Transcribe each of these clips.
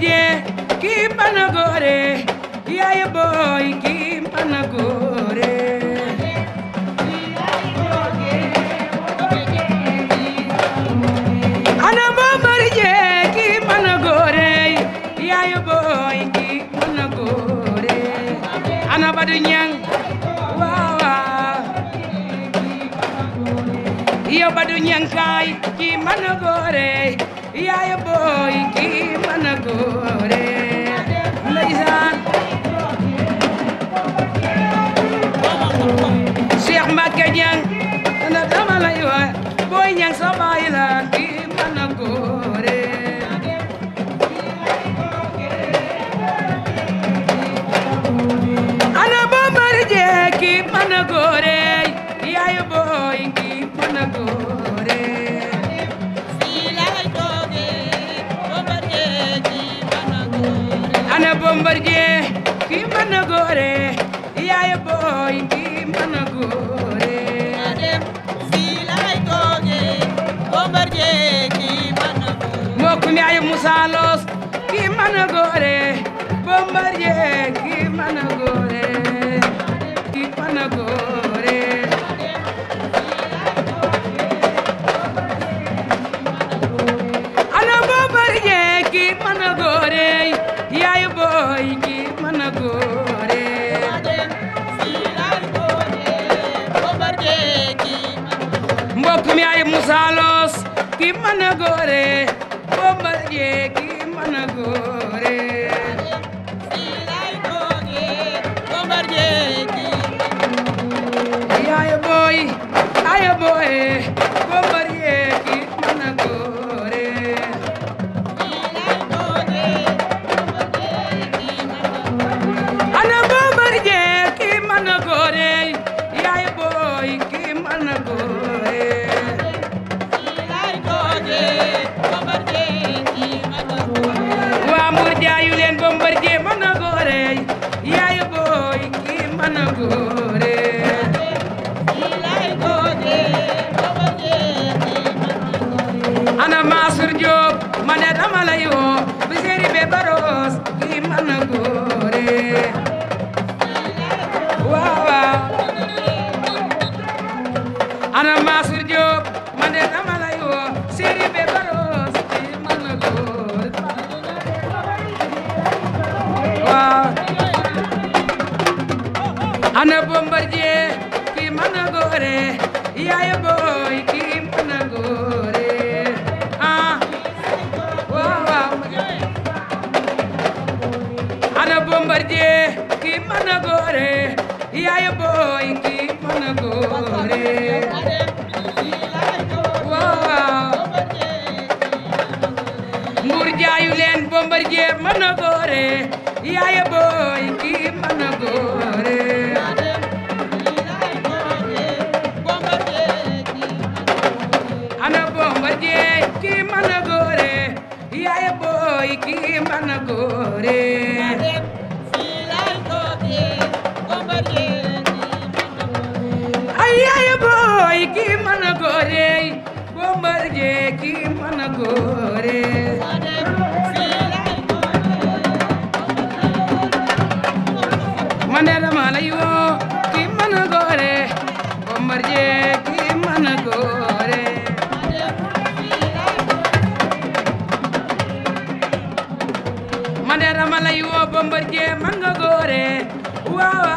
Dien Kimpanagore Yaya boy Kimpanagore Ana Bambara Dien Kimpanagore Yaya boy Kimpanagore Ana Badu Nyang Yo Badu Nyang Kai Kimpanagore ñang na dama lay waay booy ñang soo bàyyi la di mën a góore ana bambara jee ki mën a góore yaayu booy ki mën a góore fii la lay tooge bambara jee ki mën a góore ana bambara jee ki mën a góore yaayu booy salos ki a góore Bombardier ki mën a a góore mana gore yaaye boy ki mana gore ana bombardier ki mana gore yaaye boy ki mana gore ay yaaye boy ki mana gore bombardier ki mana gore man de dama lay woo ki mën a góore Bombardier ki mën a góore man de dama lay woo Bombardier mën nga góore waaw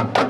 Thank you.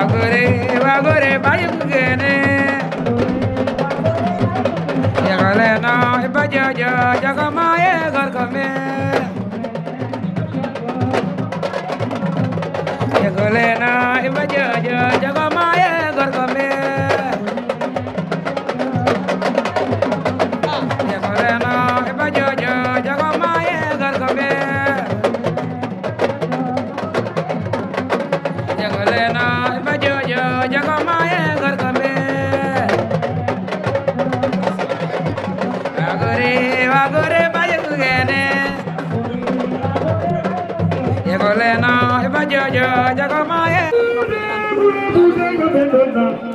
वागोरे वागोरे बायम गने यगले ना बजा जा जगमाए घर कमे यगले ना jaga jaga maaye